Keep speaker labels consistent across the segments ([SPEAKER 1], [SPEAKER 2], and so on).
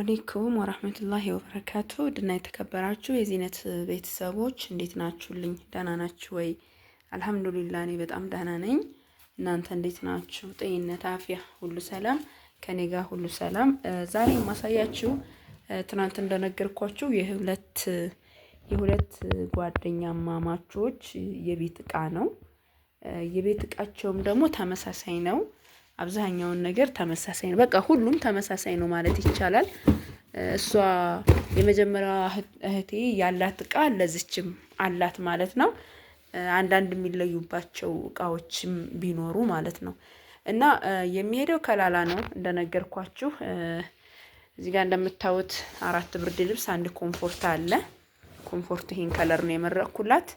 [SPEAKER 1] አሌይኩም ወራህመቱላሂ ወበረካቱ ድና የተከበራችሁ የዚህነት ቤተሰቦች እንዴት ናችሁልኝ? ደህና ናችሁ ወይ? አልሐምዱሊላ እኔ በጣም ደህና ነኝ። እናንተ እንዴት ናችሁ? ጤንነት፣ አፍያ ሁሉ ሰላም ከኔ ጋር ሁሉ ሰላም። ዛሬ የማሳያችሁ ትናንት እንደነገርኳችሁ የሁለት የሁለት ጓደኛ ማማቾች የቤት እቃ ነው። የቤት እቃቸውም ደግሞ ተመሳሳይ ነው። አብዛኛውን ነገር ተመሳሳይ ነው። በቃ ሁሉም ተመሳሳይ ነው ማለት ይቻላል። እሷ የመጀመሪያዋ እህቴ ያላት እቃ ለዚችም አላት ማለት ነው። አንዳንድ የሚለዩባቸው እቃዎችም ቢኖሩ ማለት ነው። እና የሚሄደው ከላላ ነው እንደነገርኳችሁ። እዚህ ጋር እንደምታዩት አራት ብርድ ልብስ፣ አንድ ኮምፎርት አለ። ኮምፎርት ይሄን ከለር ነው የመረቅኩላት።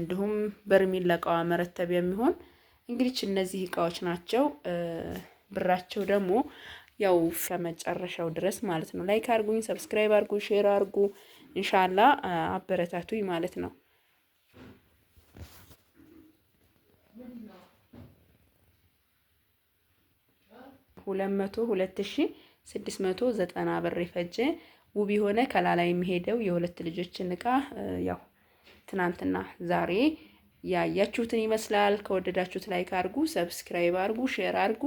[SPEAKER 1] እንዲሁም በርሚል ለእቃዋ መረተብ የሚሆን እንግዲህ እነዚህ እቃዎች ናቸው። ብራቸው ደግሞ ያው ከመጨረሻው ድረስ ማለት ነው። ላይክ አርጉኝ፣ ሰብስክራይብ አርጉ፣ ሼር አርጉ። እንሻላ አበረታቱኝ ማለት ነው። ሁለት መቶ ሁለት ሺ ስድስት መቶ ዘጠና ብር የፈጀ ውብ የሆነ ከላላ የሚሄደው የሁለት ልጆችን እቃ ያው ትናንትና ዛሬ ያያችሁትን ይመስላል። ከወደዳችሁት ላይክ አድርጉ፣ ሰብስክራይብ አድርጉ፣ ሼር አድርጉ።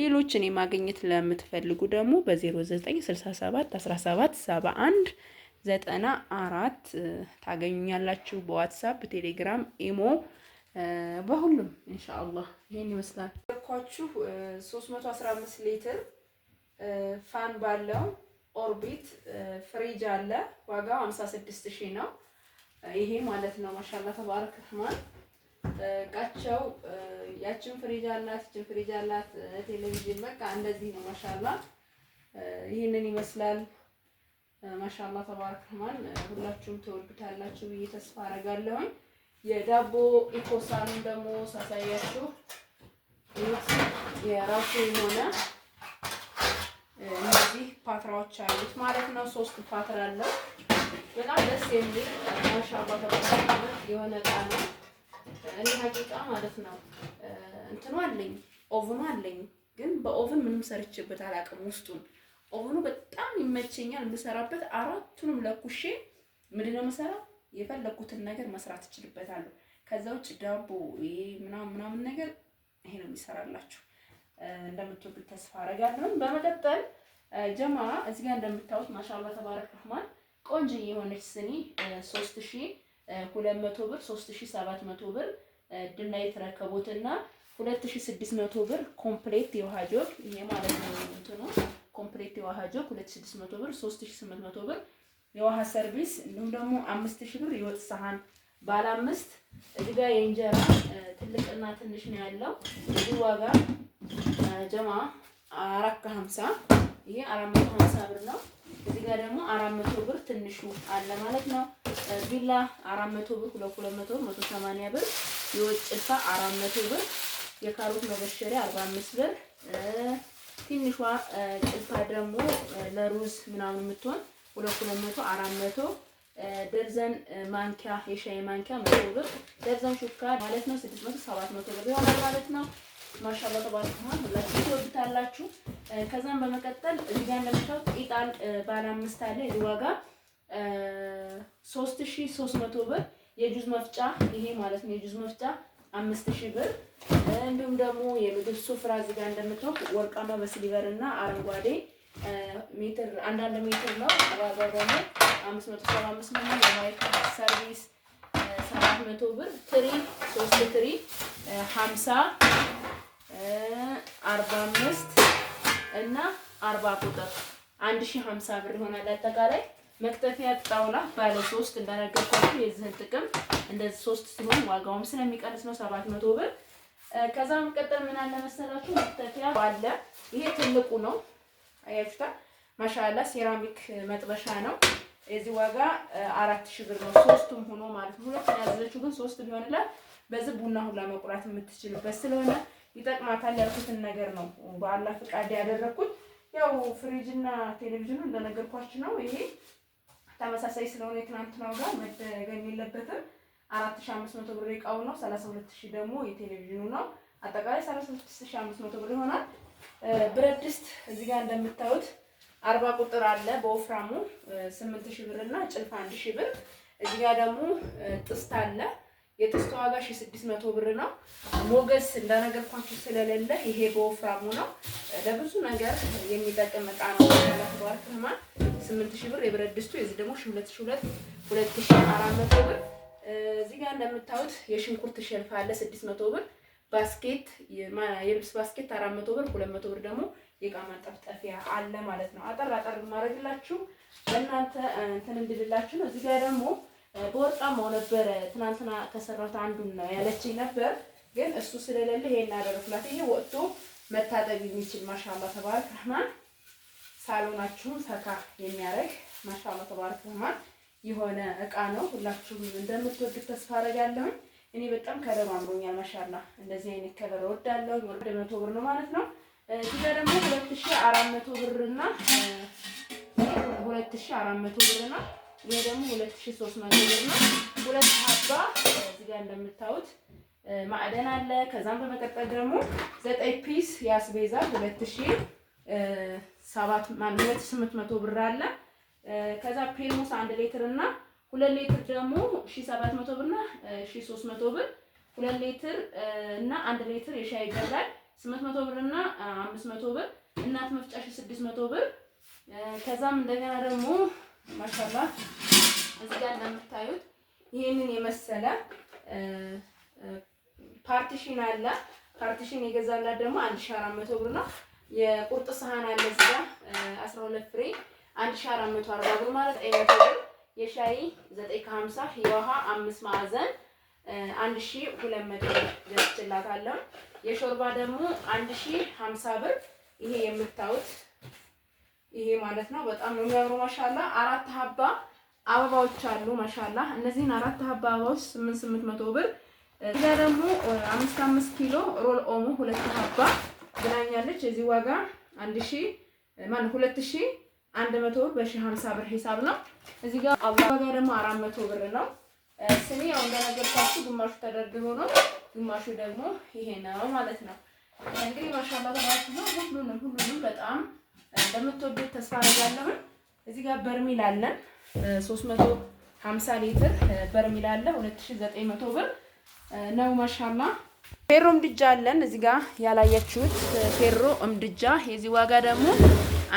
[SPEAKER 1] ሌሎች እኔ ማግኘት ለምትፈልጉ ደግሞ በ0967 17 71 ዘጠና አራት ታገኙኛላችሁ። በዋትሳፕ ቴሌግራም፣ ኢሞ በሁሉም ኢንሻአላህ። ይህን ይመስላል ኳችሁ 315 ሊትር ፋን ባለው ኦርቢት ፍሪጅ አለ። ዋጋው 56 ሺህ ነው። ይሄ ማለት ነው። ማሻላ ተባረክ ረህማን እቃቸው ያችን ፍሪጅ አላት፣ እችን ፍሪጅ አላት፣ ቴሌቪዥን በቃ እንደዚህ ነው። ማሻላ ይህንን ይመስላል። ማሻላ ተባረክ ረህማን ሁላችሁም ትወዱታላችሁ ብዬ ተስፋ አደርጋለሁኝ። የዳቦ ኢኮሳኑን ደግሞ ሳሳያችሁ የራሱ የሆነ እነዚህ ፓትራዎች አሉት ማለት ነው። ሶስት ፓትራ አለው። በጣም ደስ የሚል ማሻባ ተባለ የሆነ እቃ ነው። እኔ ሀቂቃ ማለት ነው እንትኑ አለኝ ኦቭኑ አለኝ፣ ግን በኦቭን ምንም ሰርችበት አላውቅም። ውስጡን ኦቭኑ በጣም ይመቸኛል። የምሰራበት አራቱንም ለኩሼ ምንድን ነው የምሰራው የፈለኩትን ነገር መስራት እችልበታለሁ። ከዛ ውጭ ዳቦ ምናምን ምናምን ነገር ይሄ ነው የሚሰራላችሁ። እንደምትወዱት ተስፋ አደርጋለሁ። በመቀጠል ጀማ እዚህ ጋር እንደምታዩት ማሻአላ ተባረክ ረህማን ቆንጆ የሆነች ስኒ 3200 ብር 3700 ብር ድና የተረከቡትና 2600 ብር ኮምፕሌት የውሃ ጆግ ይሄ ማለት ነው እንትኑ ኮምፕሌት የውሃ ጆግ 2600 ብር 3800 ብር የውሃ ሰርቪስ እንዲሁም ደግሞ 5000 ብር የወጥ ሰሃን ባለ አምስት እዚጋ የእንጀራ ትልቅና ትንሽ ነው ያለው። እዚህ ዋጋ ጀማ 450 ይሄ 450 ብር ነው። እዚህ ጋር ደግሞ አራት መቶ ብር ትንሹ አለ ማለት ነው። ቢላ አራት መቶ ብር ሁለት ሁለት መቶ ብር መቶ ሰማንያ ብር የወጭ ጭልፋ አራት መቶ ብር የካሮት መበሸሪያ አርባ አምስት ብር ትንሿ ጭልፋ ደግሞ ለሩዝ ምናምን የምትሆን ሁለት ሁለት መቶ አራት መቶ ደርዘን ማንኪያ የሻይ ማንኪያ መቶ ብር ደርዘን ሹካ ማለት ነው ስድስት መቶ ሰባት መቶ ብር ይሆናል ማለት ነው። ማሻላ ተባርክማ ሁላችሁ ትወዱታላችሁ። ከዛም በመቀጠል እዚህ ጋር እንደምታውቅ ኢጣን ባለ አምስት አለ ዋጋ 3300 ብር። የጁዝ መፍጫ ይሄ ማለት ነው። የጁዝ መፍጫ 5000 ብር። እንዲሁም ደግሞ የምግብ ሱፍራ እዚህ ጋር እንደምታውቅ ወርቃማ በስሊቨር እና አረንጓዴ ሜትር አንዳንድ ሜትር ነው። ዋጋው ደግሞ 575 ነው። የማይክ ሰርቪስ 700 ብር። ትሪ 3 ትሪ 50 45 እና አርባ ቁጥር አንድ ሺህ ሀምሳ ብር ይሆናል። አጠቃላይ መክተፊያ ጣውላ ባለ ሶስት እንደነገርኳችሁ የዚህን ጥቅም እንደዚህ ሶስት ሲሆን ዋጋውም ስለሚቀንስ ነው ሰባት መቶ ብር። ከዛ መቀጠል ምን አለ መሰላችሁ መክተፊያ አለ። ይሄ ትልቁ ነው አያችሁታ። ማሻላ ሴራሚክ መጥበሻ ነው። የዚህ ዋጋ አራት ሺህ ብር ነው ሶስቱም ሆኖ ማለት ነው። ሁለት ያዘችው ግን ሶስት ቢሆንላት በዚህ ቡና ሁላ መቁራት የምትችልበት ስለሆነ ይጠቅማታል ያልኩትን ነገር ነው በአላህ ፍቃድ ያደረኩት ያው ፍሪጅ እና ቴሌቪዥኑ እንደነገርኳችሁ ነው። ይሄ ተመሳሳይ ስለሆነ ነው ጋር መደገም የለበትም። 4500 ብር እቃው ነው፣ 32000 ደግሞ የቴሌቪዥኑ ነው። አጠቃላይ 36500 ብር ይሆናል። ብረት ድስት እዚህ ጋር እንደምታዩት አርባ ቁጥር አለ በወፍራሙ 8000 ብር እና ጭልፍ 1000 ብር። እዚህ ጋር ደግሞ ጥስት አለ የጥስት ዋጋ መቶ ብር ነው። ሞገስ እንደነገርኳችሁ ስለሌለ ይሄ በወፍራሙ ነው። ለብዙ ነገር የሚጠቅም እቃ ነው። ተባረክ ስምንት ሺ ብር የብረት ድስቱ የዚህ ደግሞ ሁለት ሁለት ሺ አራት መቶ ብር። እዚህ ጋር እንደምታዩት የሽንኩርት ሸልፍ አለ ስድስት መቶ ብር ባስኬት የልብስ ባስኬት አራት መቶ ብር ሁለት መቶ ብር ደግሞ የእቃ ማንጠፍጠፊያ አለ ማለት ነው። አጠር አጠር ማድረግላችሁ በእናንተ እንትን እንድልላችሁ ነው። እዚህ ጋር ደግሞ በወርቃማው ነበረ ትናንትና ከሰራት አንዱን ነው ያለችኝ ነበር፣ ግን እሱ ስለሌለ ይሄን አደረኩላት። ይሄ ወጥቶ መታጠብ የሚችል ማሻአላ ተባረክ ረህማን፣ ሳሎናችሁን ፈካ የሚያደርግ ማሻአላ ተባረክ ረህማን የሆነ እቃ ነው። ሁላችሁም እንደምትወዱት ተስፋ አደርጋለሁ። እኔ በጣም ከለር አምሮኛል። ማሻአላ እንደዚህ አይነት ከለር እወዳለሁ። ወደ መቶ ብር ነው ማለት ነው። እዚህ ጋር ደግሞ 2400 ብር እና 2400 ብር እና ይሄ ደግሞ 2300 ብር ነው። ሁለት ሀባ እዚህ ጋር እንደምታዩት ማዕደን አለ። ከዛም በመቀጠል ደግሞ ዘጠኝ ፒስ ያስቤዛ 2800 ብር አለ። ከዛ ፔርሙስ አንድ ሌትር እና ሁለት ሌትር ደግሞ 1700 ብር እና 1300 ብር ሁለት ሌትር እና አንድ ሌትር የሻይ ይገዛል 800 ብር እና 500 ብር እናት መፍጫሽ 600 ብር ከዛም እንደገና ደግሞ ማሻላ እዚህ ጋር እንደምታዩት ይህንን የመሰለ ፓርቲሽን አለ። ፓርቲሽን የገዛላት ደግሞ አንድ ሺህ አራት መቶ ብር ነው። የቁርጥ ሰሃን አለ እዚህ ጋር አስራ ሁለት ፍሬ አንድ ሺ አራት መቶ አርባ ብር ማለት ዘጠኝ መቶ ብር። የሻይ ዘጠኝ ከሀምሳ የውሃ አምስት ማዕዘን አንድ ሺህ ሁለት መቶ ብር የሾርባ ደግሞ አንድ ሺህ ሀምሳ ብር ይሄ የምታዩት ይሄ ማለት ነው። በጣም ነው የሚያምሩ ማሻላ። አራት ሀባ አበባዎች አሉ ማሻላ። እነዚህን አራት ሀባ አበባዎች ስምንት ስምንት መቶ ብር። እዛ ደግሞ አምስት አምስት ኪሎ ሮል ኦሞ ሁለት ሀባ ብላኛለች። እዚህ ዋጋ አንድ ሺ ማለት ሁለት ሺ አንድ መቶ ብር በሺ ሀምሳ ብር ሂሳብ ነው። እዚህ ጋር ዋጋ ደግሞ አራት መቶ ብር ነው። ስኒ ያው እንደነገርኳችሁ ግማሹ ተደርድሮ ነው፣ ግማሹ ደግሞ ይሄ ነው ማለት ነው። እንግዲህ ማሻላ ተባችሁ ነው። ሁሉንም ሁሉንም በጣም እንደምትወዱት ተስፋ አደርጋለሁ። እዚህ ጋር በርሚል አለ 350 ሊትር በርሚል አለ 2900 ብር ነው። ማሻላ ፌሮ እምድጃ አለን እዚህ ጋር ያላያችሁት ፌሮ እምድጃ የዚህ ዋጋ ደግሞ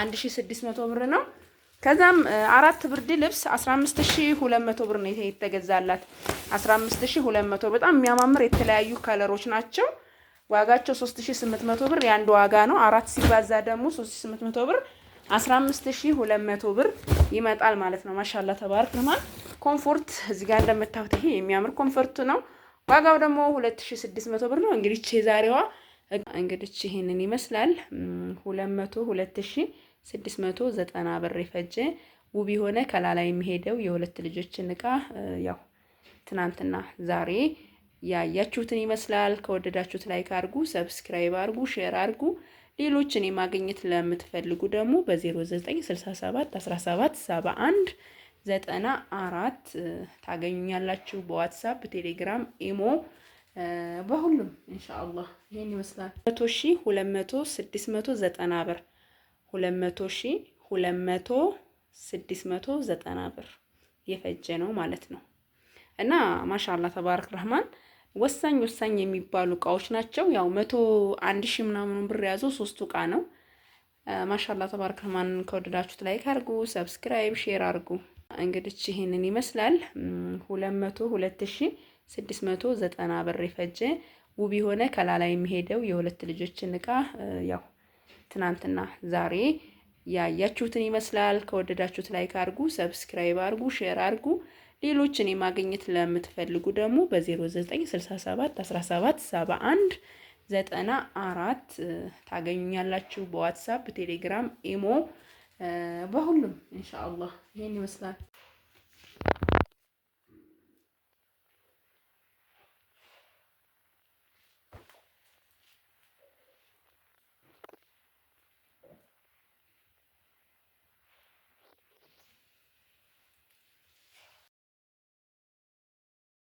[SPEAKER 1] 1600 ብር ነው። ከዛም አራት ብርድ ልብስ 15200 ብር ነው የተገዛላት 15200 በጣም የሚያማምር የተለያዩ ከለሮች ናቸው። ዋጋቸው 3800 ብር የአንድ ዋጋ ነው። አራት ሲባዛ ደግሞ 3800 ብር 15200 ብር ይመጣል ማለት ነው። ማሻላ ተባርክ ረህማን። ኮምፎርት እዚህ ጋር እንደምታዩት ይሄ የሚያምር ኮምፎርት ነው። ዋጋው ደግሞ 2600 ብር ነው። እንግዲህ ዛሬዋ እንግዲህ ይሄንን ይመስላል 200 2690 ብር የፈጀ ውብ የሆነ ከላላ የሚሄደው የሁለት ልጆችን እቃ ያው ትናንትና ዛሬ ያያችሁትን ይመስላል። ከወደዳችሁት ላይክ አርጉ፣ ሰብስክራይብ አድርጉ፣ ሼር አድርጉ። ሌሎች እኔ ማግኘት ለምትፈልጉ ደግሞ በ0967 17 71 ዘጠና አራት ታገኙኛላችሁ። በዋትሳፕ ቴሌግራም፣ ኢሞ በሁሉም ኢንሻአላህ። ይህን ይመስላል 100 ሺ 200 690 ብር 200 ሺ 200 690 ብር የፈጀ ነው ማለት ነው። እና ማሻላ ተባረክ ረህማን ወሳኝ ወሳኝ የሚባሉ እቃዎች ናቸው። ያው መቶ አንድ ሺህ ምናምኑን ብር የያዘው ሶስቱ እቃ ነው። ማሻላ ተባረክ ረህማን ከወደዳችሁት ላይክ አርጉ፣ ሰብስክራይብ፣ ሼር አርጉ። እንግዲህ ይህንን ይመስላል ሁለት መቶ ሁለት ሺህ ስድስት መቶ ዘጠና ብር የፈጀ ውብ የሆነ ከላላ የሚሄደው የሁለት ልጆችን እቃ ያው ትናንትና ዛሬ ያያችሁትን ይመስላል። ከወደዳችሁት ላይክ አርጉ፣ ሰብስክራይብ አርጉ፣ ሼር አርጉ። ሌሎች እኔ ማግኘት ለምትፈልጉ ደግሞ በ0967 17 71 ዘጠና አራት ታገኙኛላችሁ። በዋትሳፕ ቴሌግራም፣ ኢሞ በሁሉም ኢንሻአላህ ይህን ይመስላል።